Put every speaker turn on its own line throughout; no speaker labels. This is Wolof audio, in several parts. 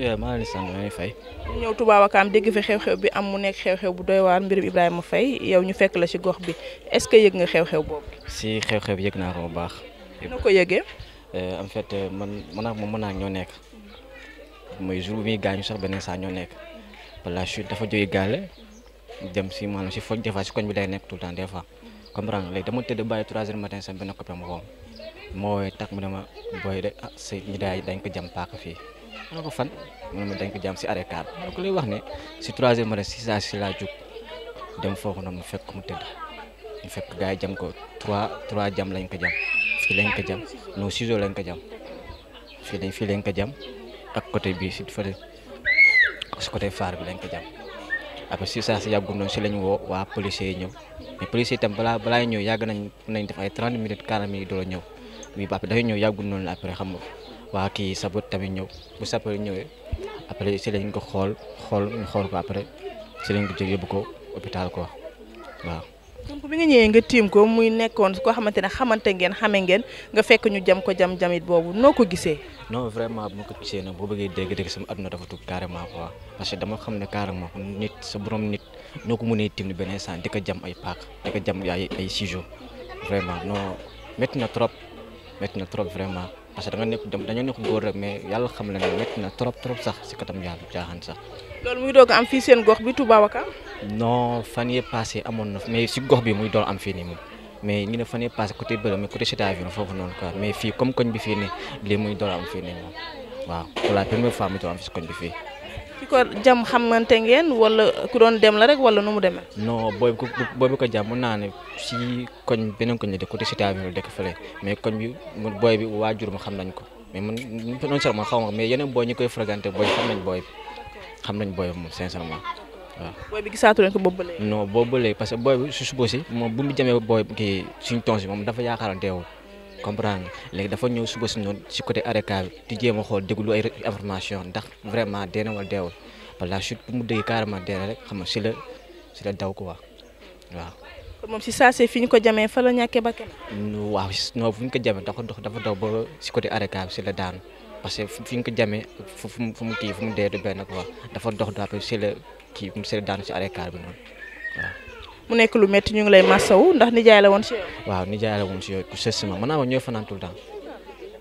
waaw maa ngi sant maa ngi fay.
ñu ñëw Touba Wakaam dégg fi xew-xew bi am mu nekk xew-xew bu doy waar mbirum Ibrahima Faye yow ñu fekk la ci gox bi est-ce que yëg nga
xew-xew boobu. si xew-xew bi yëg naa ko bu baax. na ko yëgee. Eh, en fait eh, man man ak moom mën naa ñoo nekk mooy jour bi gaañu sax beneen saa ñoo nekk par la suite dafa jógee gaale dem si maanaam si foog des si koñ bi day nekk tout le temps des fois comprendre dama tëdd bàyyi 3 heures matin sa benn copain ma woo moo woowee tax mu ne ma booy de ah say ñi daay dañ ko jam paaka fii ma ne fan mu dañ ko jam si arrêt car ma ne ko lay wax ne si troisième ma ne si saa si laa jóg dem foofu noonu mu fekk mu tëdd mu fekk gars yi ko trois trois jam lañ ko jam fii lañ ko jam non ciseau lañ ko jam fii lañ fii lañ ko jam ak côté bi si fële si côté phare bi lañ ko jam après si saa si yàggum noonu si lañ woo waa policiers yi ñëw mais policiers itam balaa balaa ñëw yàgg nañ nañ def ay 30 minutes 40 minutes doo ñëw. mi papa dafay ñëw yàggul noonu la après xam nga waa kii sabot tamit ñëw bu sapeur ñëwee après si lañ ko xool xool ñu xool ko après si lañ ko jël yóbbu ko hôpital quoi waaw.
donc bi nga ñëwee nga tiim ko muy nekkoon koo xamante ne xamante ngeen xame ngeen nga fekk ñu jam ko jam jamit boobu noo ko gisee.
non vraiment bu ma ko gisee nag boo bëggee dégg-dégg sama adduna dafa tuub carrément quoi parce que dama xam ne nit sa borom nit noo ko mënee tiim benn instant di ko jam ay paak di ko jam ay ay vraiment non métti na trop. métti na trop vraiment parce que da nga nekk dañoo nekk góor rek mais yàlla xam na ne métti na trop trop sax si katam jaaxaan sax.
loolu muy doog am fii seen gox bi Touba Ouakam.
non fan yii passé amoon na gox bi muy doon am fii nii moom mais ñu ne fan yii passé côté Bërëm côté Cité Avion foofu noonu quoi mais fii comme koñ bi fii nii lii muy doon am fii nii moom waaw pour la muy doon am si koñ bi fii.
ki ko jam xamante ngeen wala ku doon dem la rek wala nu mu demee.
non booy bu booy ko jam mën naa ne si koñ beneen koñ la dëkk côté cité avenue dëkk fële mais koñ bi booy bi waajur ma xam nañ ko mais man non seulement xaw ma mais yeneen booy ñi koy fréquenté booy xam booy bi xam nañ booy bi moom sincèrement waaw.
booy bi gisaatu leen ko boobu ba
léegi. non boobu ba léegi parce booy su suba si moom moom dafa yaakaarante wul comprendre nga léegi dafa ñëw suba si noonu si côté areka bi di jéem a xool déglu ay information ndax vraiment dee na wala deewul par la suite bu mu dégg carrément dee rek xam nga si la si la daw quoi waaw.
kon si saa see fi ñu ko jamee fa ñàkkee ba kenn.
waaw non fu ñu ko jamee dafa dox dafa daw ba si côté areka bi si la daanu parce que fi ko jamee fu fu mu kii fu mu dee du benn waa dafa dox daal si la kii si la daanu bi noonu
mu nekk lu métti ñu ngi lay masawu ndax nijaay la woon si
yow. waaw nijaay la woon si yow ku sës si man man naa ñooy fanaan tout le temps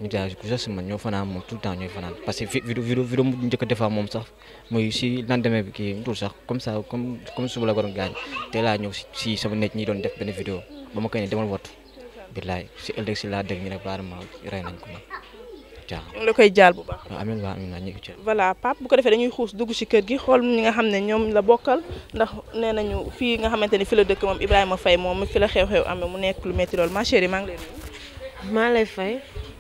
nijaay ku sës si ñoo fanaan moom tout le ñooy fanaan parce que fi vidéo vidéo vidéo mu njëkk a defar moom sax muy si lendemain bi kii tuul sax comme ça comme comme suba la ko doon gaañ tey laa ñëw si sama nekk ñi doon def benn vidéo ba ma koy ne demal wattu billaay si ëllëg si laa dégg ñu ne baal ma rey nañ ko Thiam. ñu la koy jaal bu baax. amiin waaw amiin naa ñu ngi ci.
voilà Pape bu ko defee dañuy xuus dugg kër gi xool ñi nga xam ne ñoom la bokkal ndax nee nañu fii nga xamante ni fi la dëkk moom Ibrahima Faye moom fi la xew-xew amee mu nekk lu métti lool ma chérie maa ngi lay maa lay fay.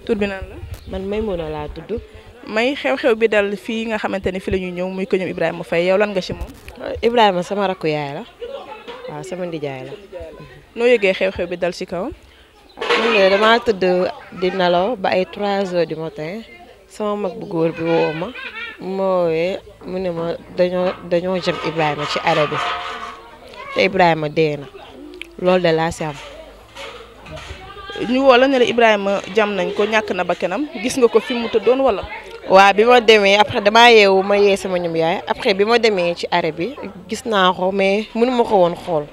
tur bi nan la. man Maymuna laa tudd. may xew-xew bi dal fii nga xamante ni fi la ñuy ñëw muy ko ñoom Ibrahima fay yow lan nga si moom. Euh, Ibrahima sama rakk yaay la waaw sama ndijaay la. noo yëgee xew-xew bi dal
si kawam man de damaa tëdd di nelaw ba ay 3 heures du matin sama mag bu góor bi woo ma ma mu ne ma dañoo dañoo jëm Ibrahima ci arrêt bi te Ibrahima dee na loolu de laa si am. ñu woo la ne la Ibrahima jam nañ ko ñàkk na ba bakkanam gis nga ko fi mu tëddoon wala. waa bi ma demee après damaa yeewu ma yee sama ñum yaay après bi ma demee ci arrêt bi gis naa ko mais mënu ma ko woon xool.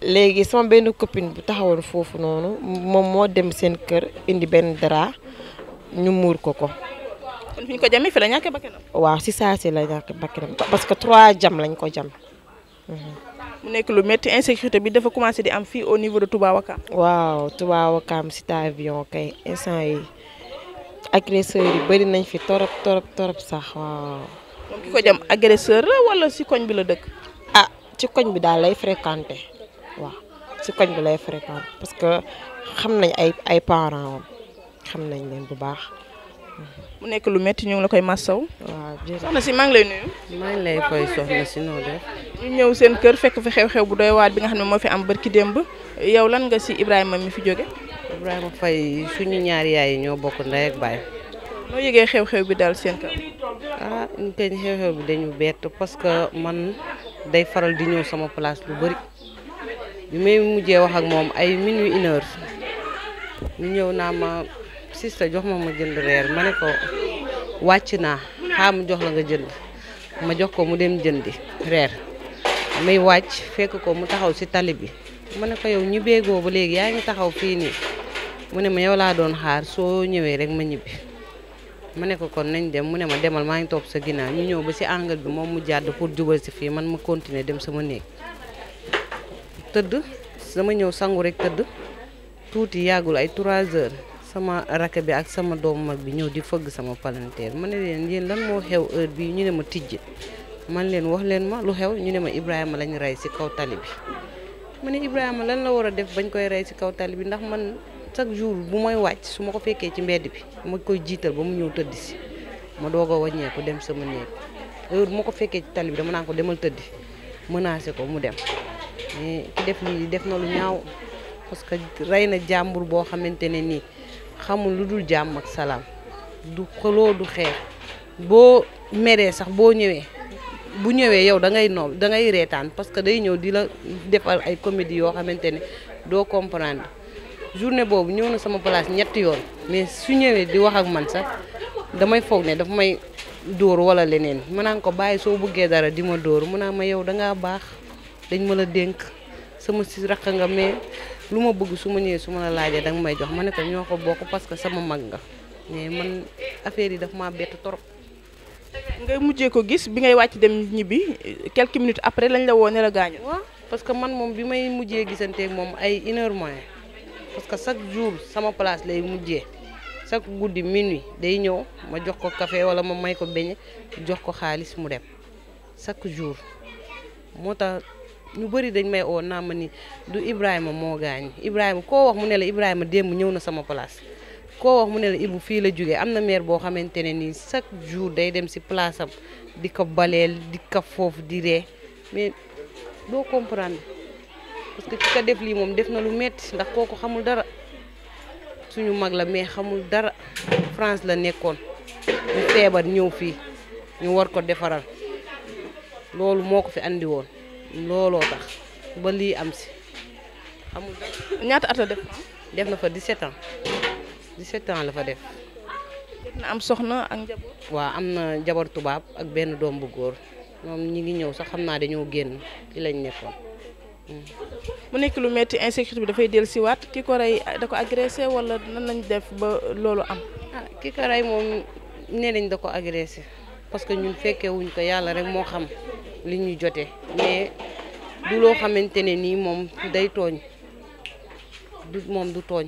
léegi sama benn copine bu taxawoon foofu noonu moom moo dem seen kër indi benn dara ñu muur ko ko.
kon fi ñu ko jamee fi la ñàkk
bakkanam si saa la ñàkk parce que trois jam lañ ko jam.
nekk lu métti insécurité bi dafa commencé di am fii au niveau de Touba
Wakaam. waaw Touba Wakaam cité avion instant yi agresseurs yi nañ fi torop torop torop sax ko jam agresseur la wala si koñ bi la dëkk. ah ci koñ bi daal lay fréquenté. waaw si koñ bi lay fréquente parce que xam nañ ay ay parents xam nañ leen bu baax.
mu nekk lu metti ñu la koy massaw waaw soxna si maa ngi lay nuyu. maa ngi lay fay soxna si noo def. ñu ñëw seen kër fekk fi xew-xew bu doy waat bi nga xam ne moo fi am barki démb yow lan nga si Ibrahima mi fi jóge Ibrahima Faye suñu ñaari yaay yi ñoo bokk ndey ak baay. noo yëgee xew-xew bi daal seen kaw.
ah ñu koy xew-xew bi dañu bett parce que man day faral di ñëw sama place lu bari bi may mujjee wax ak moom ay minuit une heure ñu ñëw naa ma sista jox ma ma jënd reer ma ne ko wàcc naa xaam jox la nga jënd ma jox ko mu dem jëndi reer may wàcc fekk ko mu taxaw si tali bi ma ne ko yow ñi béegoo ba léegi yaa ngi taxaw fii nii mu ne ma yow laa doon xaar soo ñëwee rek ma ñibbi ma ne ko kon nañ dem mu ne ma demal maa ngi toog sa ginnaaw ñu ñëw ba ci angle bi moom mu jàdd pour jubal si fii man ma continuer dem sama néeg tëdd sama ñëw sangu rek tëdd tuuti yàggul ay 3 heures sama rakk bi ak sama doomu mag bi ñëw di fëgg sama palanteer ma ne leen yéen lan moo xew heure bi ñu ne ma tijj man leen wax leen ma lu xew ñu ne ma Ibrahima lañ rey si kaw tali bi ma ne Ibrahima lan la war a def bañ koy rey si kaw tali bi ndax man chaque jour bu may wàcc su ma ko fekkee ci mbedd bi ma koy jiital ba mu ñëw tëdd si ma doog a waññeeku dem sama néeg heure ma ko fekkee ci tali bi ko demal tëddi menacé ko mu dem mais ki def lii def na lu ñaaw parce que rey na jàmbur boo xamante ne nii xamul lu dul jàmm ak salaam du xoloo du xeex boo meree sax boo ñëwee bu ñëwee yow da ngay noob da ngay reetaan parce que day ñëw di la defal ay comédie yoo xamante ne doo comprendre journée boobu ñëw na sama place ñetti yoon mais su ñëwee di wax ak man sax damay foog ne daf may dóor wala leneen ma naan ko bàyyi soo buggee dara di ma dóor mu naa ma yow dangaa baax dañ ma la dénk sama si rakk nga mais lu ma bëgg su ma ñëwee su ma la laajee danga may jox ma ne ko ñoo ko bokk parce que sama mag nga mais man affaire yi daf maa bett torop
ngay mujjee ko gis bi ngay wàcc dem ñibbi quelques minutes après lañ la woo ne la gaañu. waaw parce que man moom bi may mujjee gisanteeg moom ay une heure moins
parce que chaque jour sama place lay mujjee. chaque guddi minuit day ñëw ma jox ko café wala ma may ko beñe jox ko xaalis mu dem chaque jour moo tax ñu bëri dañ may oo naa ma ni du Ibrahima moo gaañ Ibrahima koo wax mu ne la Ibrahima démb ñëw na sama place koo wax mu ne la Ibou fii la jógee am na maire boo xamante ne nii chaque jour day dem si place di ko baleel di ko foofu di ree mais doo comprendre parce que ki ko def lii moom def na lu metti suñu mag la mais xamul dara France la nekkoon mu feebar ñëw fii ñu war ko defaral loolu moo ko fi indi woon looloo tax ba lii am si xamul dara ñaata at def def na fa 17 ans 17 ans la fa def am soxna ak njaboot waaw am na jabar tubaab ak benn doom bu góor ñoom ñi ngi ñëw sax
xam naa dañoo génn ci lañ nekkoon mu nekk lu metti insécurité bi dafay dellu siwaat ki ko rey da ko agressé walla nan lañ def ba loolu am. Ah, ki ko rey moom
nee nañ da ko agressé parce que ñun fekkee wuñ ko yàlla rek moo xam li ñuy jotee mais loo xamante ne nii moom day tooñ du moom du tooñ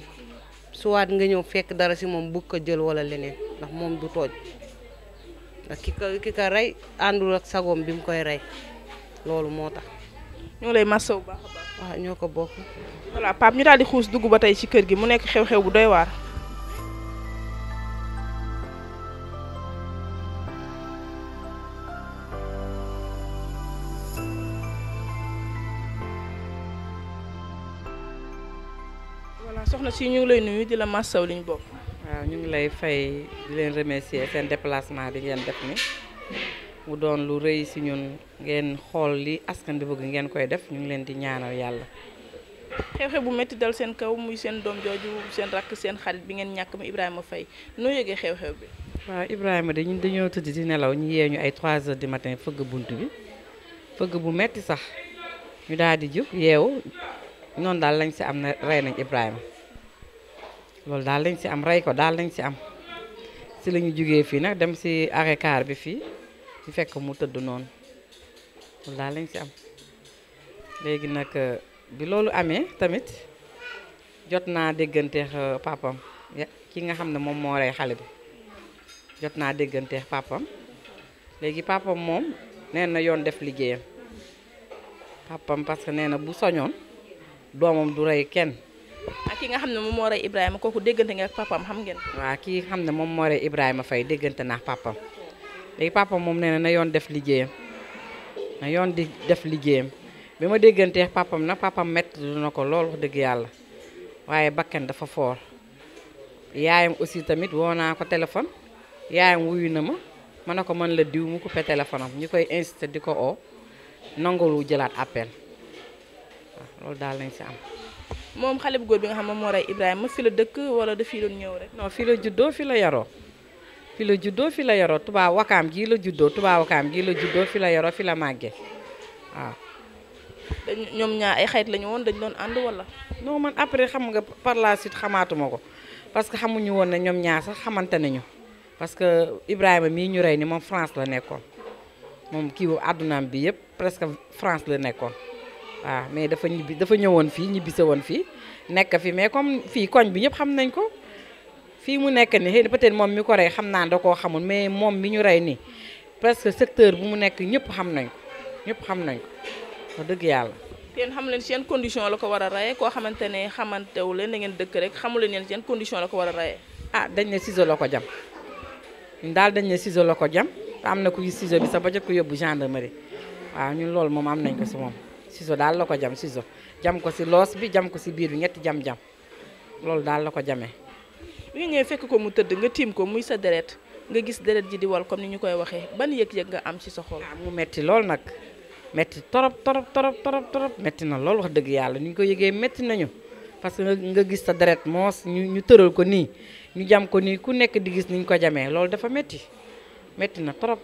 suwaat nga ñëw fekk dara si moom bugg ko jël wala leneen ndax moom du tooñ. ndax ki ko ki ko rey àndul ak sagoom bi mu koy rey loolu moo tax
ñoo lay masawu waaw ah, ñoo ko bokk. voilà Pape ñu daal di xuus dugg ba tey ci kër gi mu nekk xew-xew bu doy waar.
soxna si ñu ngi lay nuyu di la massaw liñ bokk. waaw ñu ngi lay fay di leen remercier seen déplacement bi ngeen def ni mu doon lu rëy si ñun ngeen xool li askan bi bëgg ngeen koy def ñu ngi leen di ñaanal yàlla. xew-xew bu metti dal
seen kaw muy seen doom jooju seen rakk seen xarit bi ngeen ñàkk ma Ibrahima Faye noo yëgee xew-xew bi.
waaw Ibrahima de ñun dañoo tëdd di nelaw ñu yee ñu ay 3 heures du matin fëgg bunt bi fëgg bu metti sax ñu daal di jub yeewu noonu daal lañ si am na rey nañ Ibrahima loolu daal lañ si am rey ko daal lañ si am si la ñu fii nag dem si arrêt bi fii. di fekk mu tëdd noonu loolu daal lañ si am léegi nag euh, bi loolu amee tamit jot naa dégganteex euh, papam kii nga xam ne moom moo rey xale bi jot naa dégganteex papam léegi papam moom nee na yoon def liggéeyam papam parce que nee na bu soñoon doomam du rey kenn
ak ki nga xam ne moom moo rey Ibrahima kooku déggante nga ak papam xam ngeen
waaw ki xam ne moom moo rey Ibrahima fay déggante naa papam léegi papa moom nee na na yoon def liggéeyam na yoon di def liggéeyam bi ma déggantee papam na papam métti du na ko lool dëgg yàlla waaye bakkan dafa foor yaayam aussi tamit woo naa ko téléphone yaayam wuyu na ma ma ne ko mën la diw mu ko téléphone am ñu koy insisté di ko oo nangalu jëlaat appel waaw loolu daal lañ si am.
moom xale bu góor bi nga xam moo rey Ibrahima fi la dëkk wala da doon ñëw rek.
non fi la juddoo fii la yaroo. fi la juddoo fi la yoro Touba Wakaam gii la juddoo Touba Wakaam gii la juddoo fi la yoroo fi la màggee waaw. ñoom ñaar ay xarit la woon dañu loon ànd wala. non après xam nga par la suite xamaatuma ko parce que xamuñu woon ne ñoom ñaar sax xamante ñu parce que Ibrahima mii ñu rey ni moom France la nekkoon moom kii àddunaam bi yëpp presque France la nekkoon waaw mais dafa ñibbi dafa ñëwoon fii ñibbise woon fii nekk fi mais comme fii koñ bi ñëpp xam nañ ko. fii mu nekk ni xëy peut-être moom mi ko rey xam naa da koo xamul mais moom mi ñu rey nii presque secteur bu mu nekk ñëpp xam nañ ko ñëpp xam nañ ko dëgg yàlla.
yéen xam leen seen condition la ko war a reyee koo xamante ne xamantewu leen ngeen dëkk rek xamu leen yéen seen la ko war a reyee.
ah dañ ne ciseau la ko jam daal dañ ne ciseau la ko jam te am na ku gis ciseau bi sax ba jot ko yóbbu gendarmerie waaw ñun loolu moom am nañ ko si moom ciseau daal la ko jam ciseau jam ko si loos bi jam ko si biir bi ñetti jam-jam loolu daal la ko jamee.
bi nga fekk ko mu tëdd nga tiim ko muy sa deret nga gis deret ji di wal comme ni ñu koy waxee ban yëg-yëg nga am ci sa xol. Ah,
mu metti lool nag metti torop torop torop torop torop metti na lool wax dëgg yàlla ni ñu ko yëgee metti nañu parce que nga gis sa deret moos ñu tëral ko nii ñu jam ko nii ku nekk di gis ni ko jamee loolu dafa metti metti na torop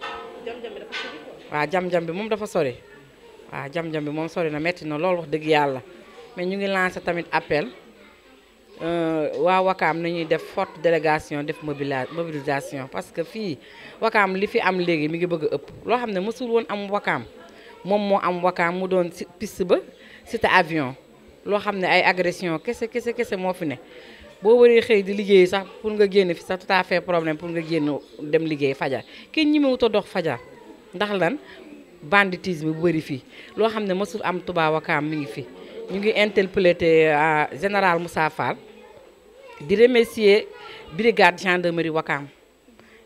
waa jam-jam bi moom dafa sori waaw jam-jam bi moom sori na metti na lool wax dëgg yàlla mais ñu ngi lancé tamit appel Euh, waa Wakaam nañuy def fort délégation def mobilisation parce que fii Wakaam li fi am léegi mi ngi bëgg ëpp loo xam ne mësul woon am Wakaam moom moo am Wakaam mu doon si piste ba cité avion loo xam ne ay agression kese kese kese moo fi ne boo waree xëy di liggéey sax pour nga génn fi sax tout à fait problème pour nga génn dem liggéey fajar kenn ñemewut a dox fajar ndax lan banditisme bu bëri fii loo xam ne mësul am Touba Wakaam mi ngi fi ñu ngi interpellé euh, général Moussa Fall di remercier brigade gendarmerie Wakaam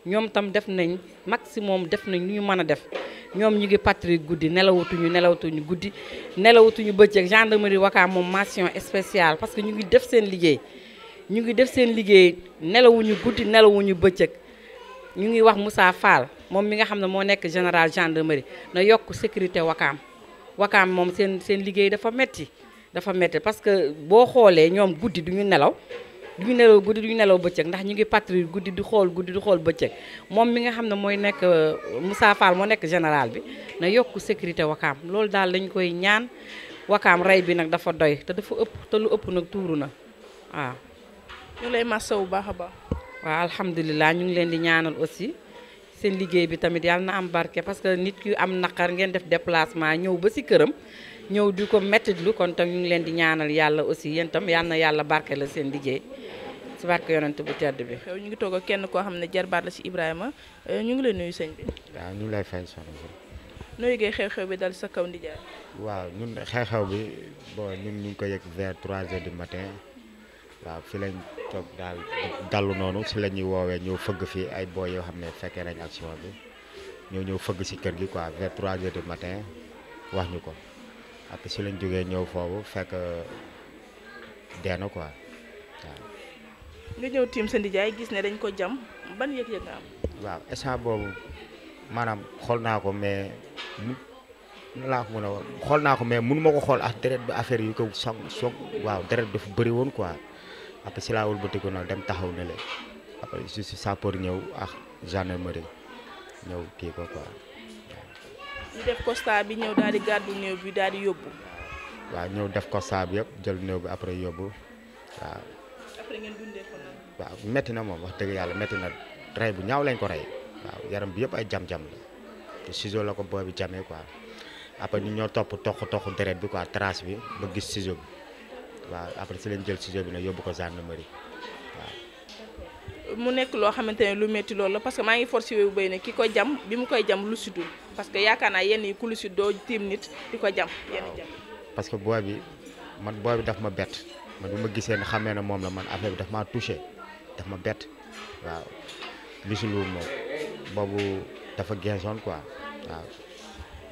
ñoom tam def nañ maximum def nañ lu ñu mën a def ñoom ñu ngi patrie guddi nelawatuñu nelawatuñu guddi nelawatuñu bëccëg gendarmerie Wakaam moom mention spéciale parce que ñu ngi def seen liggéey ñu ngi def seen liggéey nelawuñu guddi nelawuñu bëccëg ñu ngi wax Moussa Fall moom mi nga xam ne moo nekk général gendarmerie na yokk sécurité Wakaam Wakaam moom seen seen liggéey dafa metti dafa metti parce que boo xoolee ñoom guddi duñu nelaw duñu nelaw guddi duñu nelaw bëccëg ndax ñu ngi patrouille guddi du xool guddi di xool bëccëg moom mi nga xam ne mooy nekk euh, Moussa Fall moo nekk général bi na yokk sécurité wakaam loolu daal lañ koy ñaan wakaam rey bi nag dafa doy te dafa ëpp te lu ëpp nag tuuru na waaw.
ñu lay massa baax a baax.
waaw ñu ngi leen di ñaanal aussi seen liggéey bi tamit yàlla na am barke parce que nit kuy am naqar ngeen def déplacement ñëw ba si këram. ñëw di ko mettitlu kon tam ñu ngi leen di ñaanal yàlla aussi yéen tam na yàlla barke la seen liggéey si barke yonent bu tedd bi.
xew ñu ngi toog ak kenn koo xam ne jarbaat la si Ibrahima euh, ñu ngi leen nuyu sëñ bi.
waaw ñu lay fay soxna
si. xew-xew bi dal sa kaw ndijaay.
waaw ñun xew-xew bi bon ñu ngi ko yëg vers 3 heures du matin waaw fi lañ toog daal dallu noonu si la ñuy woowee ñëw fëgg fii ay booy yoo xam ne fekkee nañ action bi ñoo ñëw fëgg si kër gi quoi vers 3 heures du matin wax ñu ko. après si lañ jógee ñëw foofu fekk dee na quoi waaw.
nga ñëw tiim sa nijaay gis ne dañ ko jam ban yëg-yëg nga am.
waaw instant boobu maanaam xool naa ko mais nu laa ko xool naa ko mënu ma ko xool ak deret bi affaire yu ko soog soog waaw deret dafa bëri woon quoi après si laa wëlbatiku noonu dem taxaw ne le après je suis sapeur ñëw ak gendarmerie ñëw kii ko quoi.
ñu def constat bi ñëw daal di gàddu néew bi daal di yóbbu.
waaw ñëw def constat bi yëpp jël néew bi après yóbbu waaw.
après
na moom wax dëgg yàlla metti na rey bu ñaaw lañ ko rey waaw yaram bi yëpp ay jam-jam la te ciseau la ko booy bi jamee ko après ñu ñoo topp toq toq deret bi quoi trace bi ba gis ciseau bi waaw après si leen jël ciseau bi nag yóbbu ko gendarmerie.
mu nekk loo xamante ne lu métti loolu la parce que maa ngi forcé wu béy ne ki ko jam bi mu koy jam lu sidul parce que yaakaar naa yenn yi ku lu si doo tiim nit di ko jam
parce que booy bi man booy bi daf ma bett man bu ma gisee ne xamee na moom la man affaire bi daf ma touché daf ma bett waaw lu si lu moom boobu dafa geesoon quoi waaw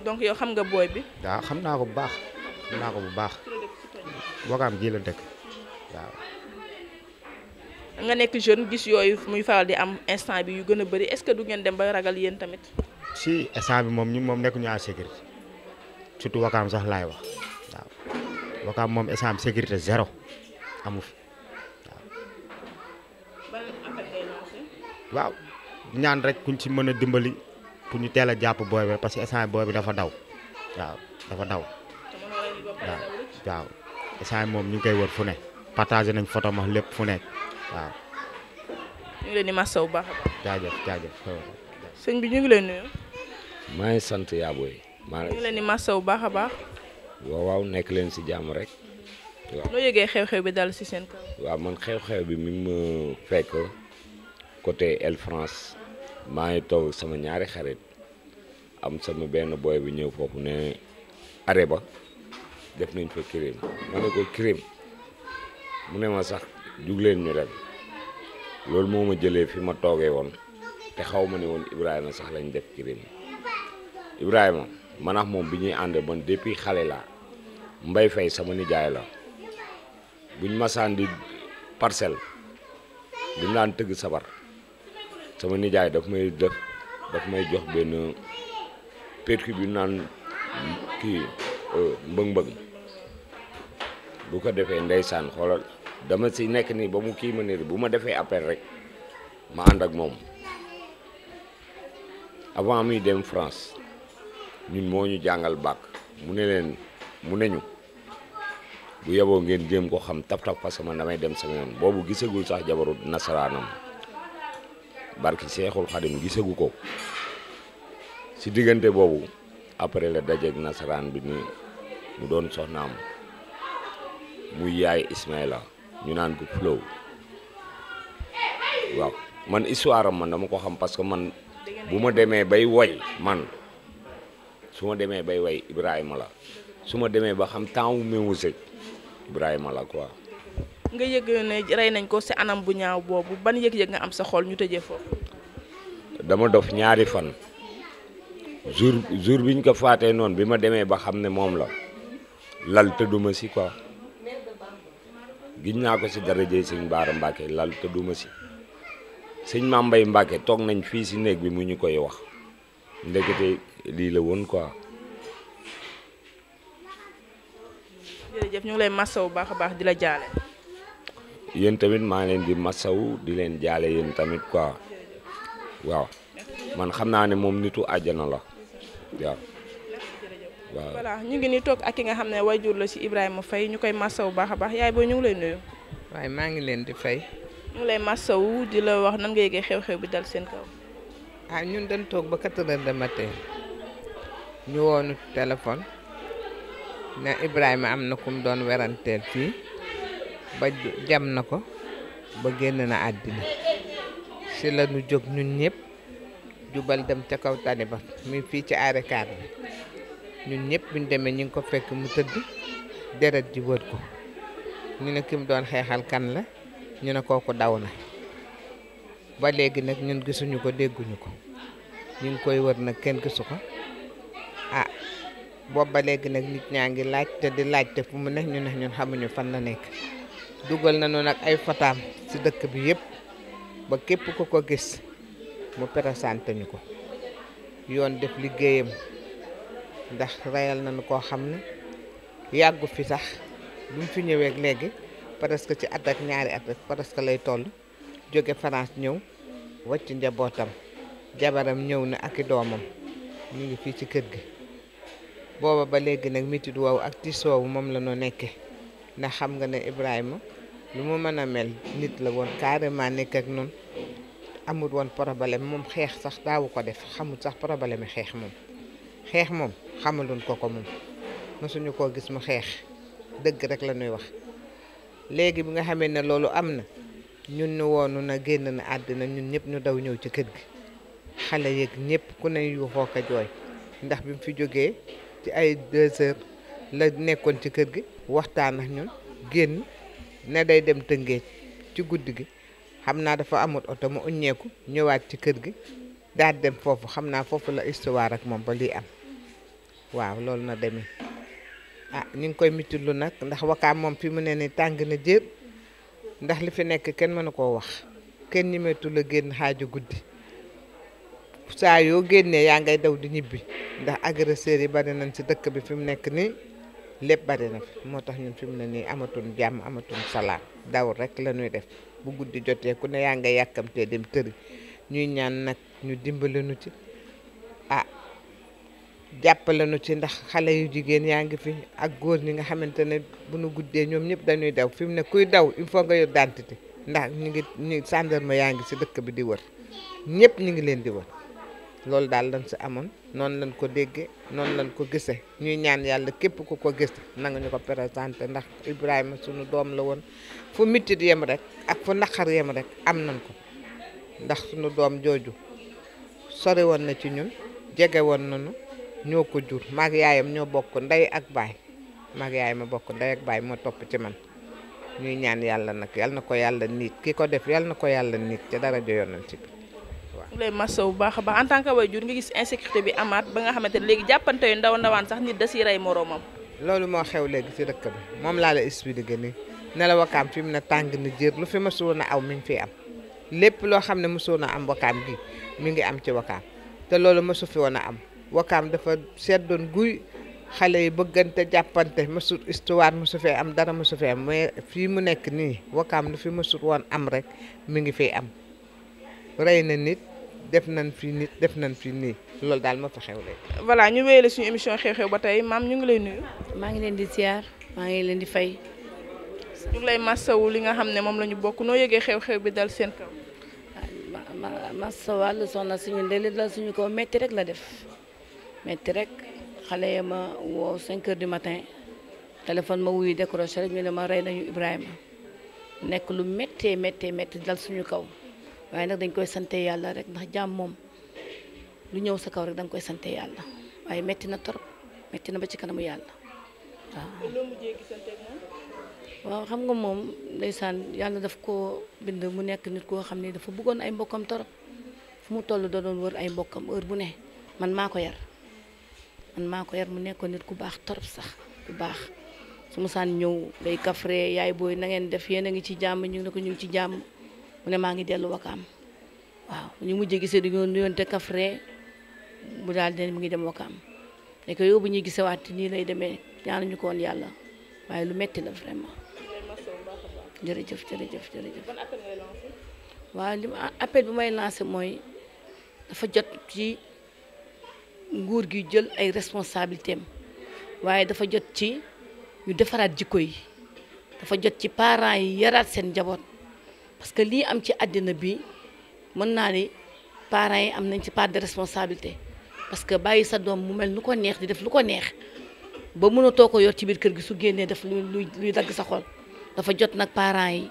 donc yow xam nga booy bi
waaw xam naa ko bu baax xam naa ko bu baax wagaam ji la dëkk
nga nekk jeune gis yooyu muy faral di am instant bi yu gën a bari est-ce que du ngeen dem ba ragal yéen tamit.
si instant bi moom ñun moom nekkuñu à sécurité surtout wakaam sax laay wax waaw moom instant sécurité zéro amu fi waaw. ñaan rek kuñ ci mën a dimbali pour ñu teel a jàpp booy bi parce que instant booy bi dafa daw waaw dafa daw. waaw waaw instant moom ñu ngi koy wër fu ne partagé nañ photo ma lépp fu nekk. waaw.
ñu ngi leen di masawu bu baax a
baax. jaajëf
bi ñu ngi leen nuyu.
maa ngi sant yaa booy. maa ngi
leen di masawu bu baax a baax.
waaw waaw nekk leen si jàmm rek. waaw
noo yëgee xew-xew bi dal si seen
kaw. waaw man xew-xew bi mi ma fekk côté El maa ngi toog sama ñaari xarit am sama benn boy bi ñëw foofu ne ba def nañ ko crime mu ne ma sax. jug leen ñu dem loolu moo ma jëlee fi ma toogee woon te xaw ma ne woon Ibrahima sax lañ def ci réew Ibrahima man ak moom bi ñuy ànd man depuis xale la mbay fay sama nijaay la buñ masaan di parcelle bi mu daan tëgg sabar sama nijaay daf may def daf may jox benn percu bi naan kii euh, mbëng-mbëng bu ko defee ndeysaan xoolal dama si nekk nii ba mu kii ma nii bu ma defee appel rek ma ànd ak moom avant muy dem France ñun moo ñu jàngal bàkk mu ne leen mu ne ñu bu yeboo ngeen jéem ko xam tap tap parce que man damay dem sama yoon boobu gisagul sax jabaru nasaraanam barki seexul xadim gisagu ko si diggante boobu après la dajeeg nasaraan bi mu doon soxnaam muy yaay Ismaïla ñu naan ko flow waaw man histoire am man dama ko xam parce que man bu ma demee bay woy man su ma demee bay woy Ibrahima la su ma demee ba xam temps wu musique Ibrahima la quoi.
nga
yëg ne rey nañ ko si anam bu ñaaw boobu ban yëg-yëg nga am sa xol ñu tëjee foofu.
dama dof ñaari fan jour jour biñ ko faatee noonu bi ma demee ba xam ne moom la lal tëdduma ci quoi. giñ naa ko si darajey sëñ Baara Mbacke lal te duma si sëñ Mame mbay Mbacke toog nañ fii si néeg bi mu ñu koy wax ndekete lii la woon quoi.
jërëjëf ñu ngi lay masawu baax a baax di la jaale.
yéen tamit maa leen di masawu di leen jaale yéen tamit ko waaw man xam naa ne moom nitu àjjana la waaw. waaw voilà
ñu ngi ni toog ak ki nga xam ne waajur la ci Ibrahima Faye ñu koy masawu baax a baax yaay booy ñu ngi lay nuyu.
waaye maa ngi leen di fay.
ñu ngi lay masawu di la wax nan nga yëgee xew-xew bi dal seen kaw.
ah ñun dañ toog ba quatre heures de matin ñu woonu téléphone na Ibrahima am na ku doon weranteel fii ba jam na ko ba génn na àddina si la ñu jóg ñun ñëpp jubal dem ca kaw tani ba muy fii ci arekaar bi ñun ñëpp buñ demee ñu ngi ko fekk mu tëdd deret ji wër ko ñu ne ki doon xeexal kan la ñu ne kooku daw na ba léegi nag ñun gisuñu ko dégguñu ko ñu ngi koy wër nag kenn gisu ko ah booba léegi nag nit ñaa ngi laajte di laajte fu mu ne ñu ne ñun xamuñu fan la nekk dugal nañu nag ay fotaam ci dëkk bi yëpp ba képp ku ko gis mu présenté ñu ko yoon def liggéeyam ndax reyal nañu koo xam ne yàggu fi sax bi mu fi ñëwee léegi presque ci at ñaari at rek presque lay toll jóge France ñëw wàcc njabootam jabaram ñëw na ak i doomam ñu ngi fii ci kër gi booba ba léegi nag métit woowu ak tiis woowu moom la noo nekkee ndax xam nga ne Ibrahima lu mu mën a mel nit la woon carrément nekk ak noonu amul woon problème moom xeex sax daawu ko def xamul sax problème xeex moom xeex moom xamaluñ ko ko mu mësuñu koo gis mu xeex dëgg rek la wax léegi bi nga xamee ne loolu am na ñun ñu woonu na génn na àddina ñun ñëpp ñu daw ñëw ci kër gi xale yeeg ñëpp ku ne yuuxoo ko ndax bi mu fi jógee ci ay deux heures la nekkoon ci kër gi waxtaan ak ñun génn ne day dem tëngéej ci guddi gi xam naa dafa amut oto mu uññeeku ñëwaat ci kër gi daal dem foofu xam naa foofu la histoire ak moom ba lii am waaw loolu na demee ah ñu ngi koy mittulu nag ndax wakkaam moom fi mu ne ni tàng na jéeb ndax li fi nekk kenn mënu koo wax kenn ñimeetu a génn xaaju guddi saa yoo génnee yaa ngay daw di ñibbi ndax agresseurs yi bari nañ ci dëkk bi fi mu nekk nii lépp bari na fi moo tax ñu fi mu ne nii amatuñ jàmm amatuñ salaam daw rek la def bu guddi jotee ku ne yaa ngay yàkkamtee dem tëri ñuy ñaan nag ñu dimbale ci ah jàppale nu ci ndax xale yu jigéen yaa ngi fi ak góor ñi nga xamante ne bu nu guddee ñoom ñëpp dañuy dew fii mu ne kuy daw il faut nga yor dentité ndax ñu ngi ñu gendarme yaa ngi ci dëkk bi di wër ñëpp ñu ngi leen di wër loolu daal lañ si amoon noonu lañ ko déggee noonu lañ ko gisee ñuy ñaan yàlla képp ku ko gis nanga ñu ko présenté ndax Ibrahima sunu doom la woon fu mitit yem rek ak fu naqar yem rek am nañ ko ndax sunu doom jooju sori woon na ci ñun nañu ñoo ko jur maag yaayam ñoo bokk ndey ak baay maag yaayam a bokk ndey ak baay moo topp ci man ñuy ñaan yàlla nag yal na ko yàlla nit ki ko def yal na ko yàlla nit ci dara joyoonal ci bi
waaw lay massa bu baax a baax tant que waajur nga gis insécurité bi amaat ba nga ne léegi jàppante yu ndaw ndawaan sax
moroomam loolu moo xew léegi ci dëkk bi moom laa la expliqué nii ne la wakaam fi mu ne tàng na jër lu fi mësoon a aw mi ngi fi am lépp loo xam ne mësoon a am wakaam gi mi ngi am ci wakaam te loolu mësu fi woon a am wakkaam dafa seddoon guy xale yi bëggante jàppante mësul histoire mësu fee am dara mësu fee am fii mu nekk nii wakkaam lu fi mësul woon am rek mu ngi fi am rey na nit def nañ fii nit def nañ fii nii loolu daal ma fa xew léegi.
voilà ñu wéyale suñu émission xew-xew ba tey maam ñu ngi
lay nuyu. maa ngi leen di ziar maa ngi leen di fay. ñu ngi lay li nga xam ne moom la ñu bokk noo yëgee xew-xew bi dal seen kaw. Ah, ma ma masawaal soxna suñu ndel dal suñu kaw metti rek la def. metti rek xale ya ma woo 5 heures du matin téléphone ma wuyu décroché rek ñu ne ma rey nañu Ibrahima nekk lu mettee méttee metti dal suñu kaw waaye nag dañ koy sante yàlla rek ndax jàmm moom lu ñëw sa kaw rek da nga koy sante yàlla waaye métti na torop métti na ba ci kanamu yàlla waaw. xam nga moom ndeysaan yàlla daf ko bind mu nekk nit koo xam ne dafa buggoon ay mbokkam torop fu mu toll da doon wër ay mbokkam heure bu ne man maa ko yar. man maa ko yar mu nekkoon nit ku baax torop sax ku baax su ma saan ñëw day kafre yaay booy na ngeen def yéen a ngi ci jàmm ñu ne ko ñu ngi ci jàmm mu ne maa ngi dellu wakaam waaw ñu mujj gisee du ñu nuyoonte kafre mu daal den mu ngi dem wakaam ne ko yow bu ñuy waat nii lay demee ñaanuñu ko woon yàlla waaye lu metti la vraiment. jërëjëf jërëjëf jërëjëf. waaw li ma appel bi may lancé mooy dafa jot ci. nguur gi jël ay responsabilité am waaye dafa jot ci ñu defaraat jikko yi dafa jot ci parents yi yaraat seen njaboot parce que lii am ci àddina bi mën naa ni parent yi am nañ ci part de responsabilité parce que bàyyi sa doom mu mel nu ko neex di def lu ko neex ba a toog ko yor ci biir kër gi su génnee def lu luy dagg sa xol dafa jot nag parent yi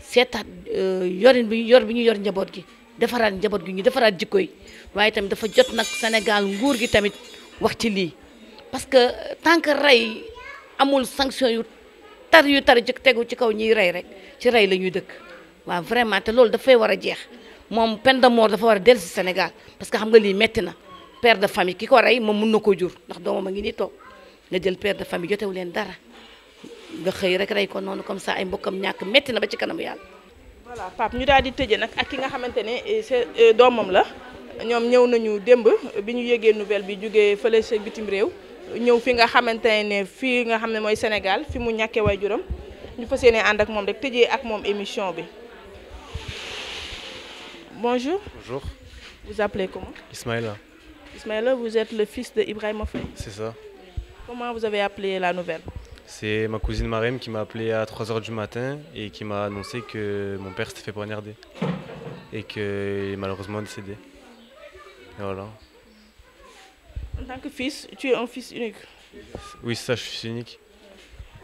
seetaat euh, yorin bi yor bi ñu yor njaboot gi defaraat njaboot gi ñu defaraat jikko yi waaye tamit dafa jot nag Sénégal nguur gi tamit wax ci lii parce que tant que rey amul sanction yu tar yu tar ci tegu ci kaw ñiy rey rek ci rey la ñuy dëkk waa vraiment te loolu dafay war a jeex moom pen de mort dafa war a dellu si Sénégal parce que xam nga lii metti na père de famille ki ko rey moom mun na ko jur ndax doomam a ngi ni toog nga jël père de famille jotewu leen dara nga xëy rek rey ko noonu comme ça ay mbokkam ñàkk metti na ba ci kanamu yàlla
voilà Pape ñu daal di tëjee nag ak ki nga xamante ne euh, euh, doomam la ñoom ñëw nañu démb bi ñu yégee nouvelle bi jógee fële sa bitim réew ñëw fi nga xamante ne fii nga xam ne mooy Sénégal fi mu ñàkkee waajuram ñu fas yéene ànd ak moom rek tëjee ak moom émission bi bonjour. bonjour. vous appelez comment. Ismaïla. Ismaïla vous êtes le fils de Ibrahima Faye. c'est ça. comment vous avez appelé la nouvelle.
C'est ma cousine Marem qui m'a appelé à 3h du matin et qui m'a annoncé que mon père s'était fait poignarder et qu'il est malheureusement décédé. Et voilà.
En tant que fils, tu es un fils unique
Oui, ça, je suis unique.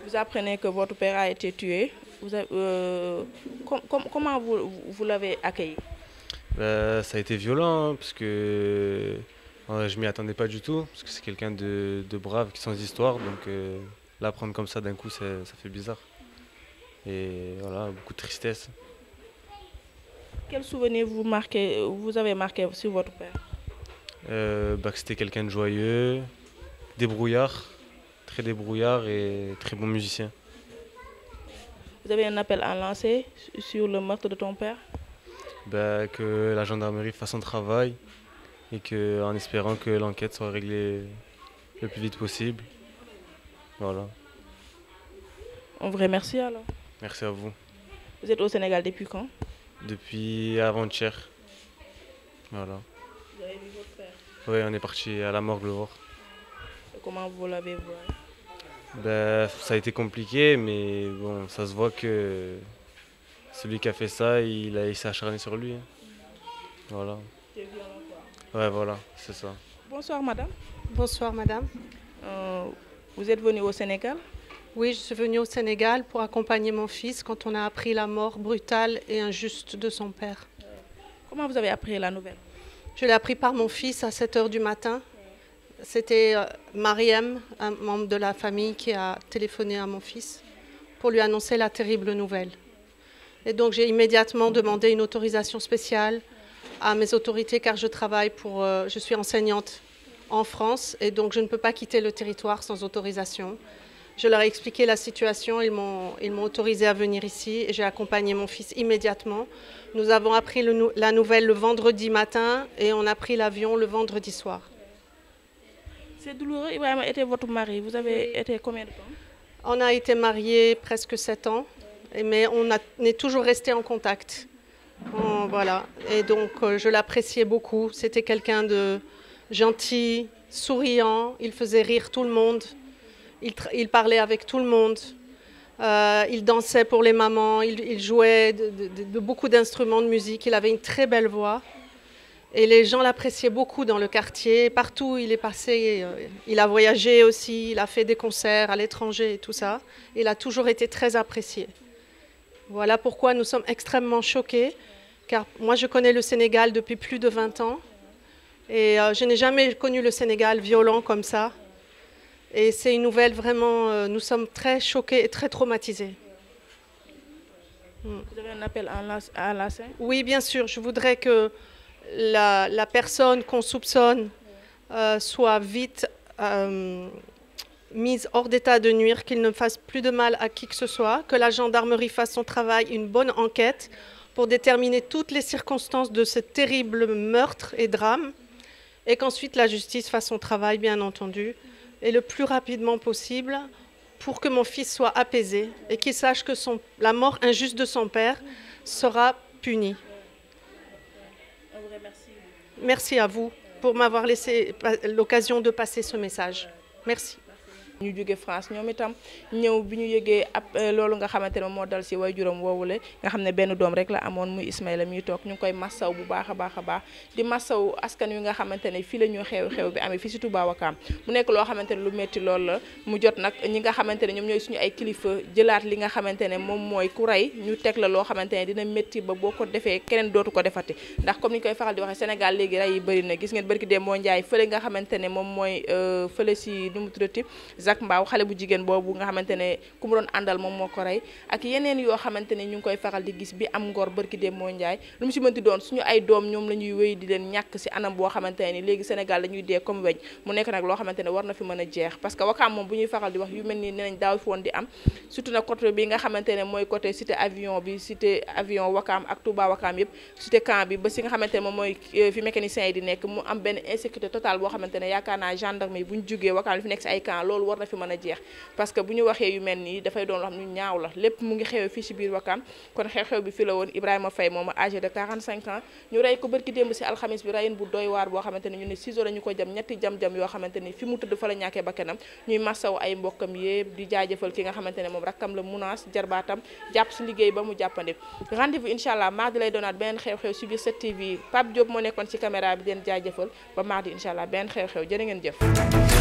Vous apprenez que votre père a été tué. Vous avez, euh, com com comment vous, vous l'avez accueilli
ben, Ça a été violent, hein, parce que euh, je m'y attendais pas du tout, parce que c'est quelqu'un de, de, brave, qui sans histoire, donc... Euh, la prendre comme ça d'un coup, ça fait bizarre. Et voilà, beaucoup de tristesse.
Quel souvenir vous, marquez, vous avez marqué sur votre père
euh, bah, C'était quelqu'un de joyeux, débrouillard, très débrouillard et très bon musicien.
Vous avez un appel à lancer sur le meurtre de ton père
bah, Que la gendarmerie fasse son travail et que, en espérant que l'enquête soit réglée le plus vite possible. Voilà.
On vous remercie alors. Merci à vous. Vous au Sénégal depuis quand
Depuis avant-hier. Voilà. Vous avez on est à la morgue
le
ben, Ça a été compliqué, mais bon, ça se voit que celui qui a fait ça, il, a, il s'est sur lui. Hein. Voilà. Ouais, c'est ça.
Bonsoir, madame. Bonsoir, madame. Euh, Vous êtes venu au Sénégal Oui, je suis venue au Sénégal pour accompagner mon fils quand on a appris la mort brutale et injuste de son père. la nouvelle Je l'ai appris par mon fils à 7 heures du matin. C'était euh, Mariam, un membre de la famille, qui a téléphoné à mon fils pour lui annoncer la terrible nouvelle. Et donc j'ai immédiatement demandé une autorisation spéciale à mes autorités car je travaille pour, euh, je suis enseignante en France et donc je ne peux pas quitter le territoire sans autorisation. Je leur ai expliqué la situation, ils m'ont autorisé à venir ici et j'ai accompagné mon fils immédiatement. Nous avons appris la nouvelle le vendredi matin et on a pris l'avion le vendredi soir. C'est douloureux, Ibrahim était votre mari. Vous On a été mariés presque 7 ans, mais on, a, toujours resté en contact. et donc euh, je l'appréciais beaucoup. C'était quelqu'un de gentil, souriant, il faisait rire tout le monde, il, il parlait avec tout le monde, euh, il dansait pour les mamans, il, jouait de, beaucoup d'instruments de musique, il avait une très belle voix. Et les gens l'appréciaient beaucoup dans le quartier, partout où il est passé. Euh, il a voyagé aussi, il a fait des concerts à l'étranger et Il a toujours été très apprécié. Voilà pourquoi nous sommes extrêmement choqués, car je connais le Sénégal depuis plus de vingt ans. Et euh, je n'ai jamais connu le Sénégal violent comme ça. Et c'est une nouvelle vraiment, euh, nous sommes très choqués et très traumatisés. Hmm. la Oui, bien sûr. Je voudrais que la, la personne qu'on soupçonne euh, soit vite euh, mise hors d'état de nuire, qu'il ne fasse plus de mal à qui que ce soit, que la gendarmerie fasse son travail, une bonne enquête pour déterminer toutes les circonstances de ce terrible meurtre et drame. et qu'ensuite la justice fasse son travail, bien entendu, et le plus rapidement possible pour que mon fils soit apaisé et qu'il sache que son, la mort injuste de son père sera punie. Merci à vous pour m'avoir laissé l'occasion de passer ce message. Merci.
ñu jóge France ñoom itam ñëw bi ñu yëgee ab euh, loolu nga xamante ne moo dal si way juróom woowule nga xam ne benn doom rek la amoon muy Ismaïla mi toog ñu ngi koy massaw bu baax a baax a baax di massaw askan wi nga xamante ne fii la ñu xew-xew bi amee fii si Touba mu nekk loo xamante ne lu metti lool la mu jot nag ñi nga xamante ne ñoom ñooy suñu ay kilifa jëlaat li nga xamante ne moom mooy ku rey ñu teg la loo xamante ne dina métti ba boo ko defee keneen dootu ko ndax comme ni koy faral di waxee Sénégal léegi rey yi na gis ngeen bërki dee moo njaay nga xamante ne moom mooy euh, fële si nu mu tuddati Zac Mbao xale bu jigéen boobu nga xamante ku mu doon àndal moom moo ko rey ak yeneen yoo xamante ne ñu ngi koy faral di gis bi am ngor bërki dem moo njaay lu mu si mënti doon suñu ay doom ñoom la ñuy di leen ñàkk si anam boo xamante léegi Sénégal la dee comme weñ mu nekk nag loo xamante war na fi mën a jeex parce que wakaam moom bu ñuy faral di wax yu mel ni nee daaw fi woon di am surtout nag côté bi nga xamante mooy côté cité war na fi mën a jeex parce bu ñu waxee yu mel nii dafay doon loo xam ne ñaaw la lépp mu ngi xewee fii ci biir Wakam kon xew-xew bi fi la woon Ibrahima Faye moom âgé de 45 ans ñu rey ko bërki démb ci alxamis bi reyin bu doy waar boo xamante ne ñu ne ciseaux la ñu ko jam ñetti jam-jam yoo xamante ni fi mu tëdd fa la ñàkkee bakkanam ñuy massaw ay mbokkam yépp di jaajëfal ki nga xamante moom rakkam la munaas jarbaatam jàpp ci liggéey ba mu jàppandi rendez-vous incha allah mardi lay doonaat beneen xew-xew ci biir 7TV Pape Diop moo nekkoon ci caméra bi leen jaajëfal ba mardi incha allah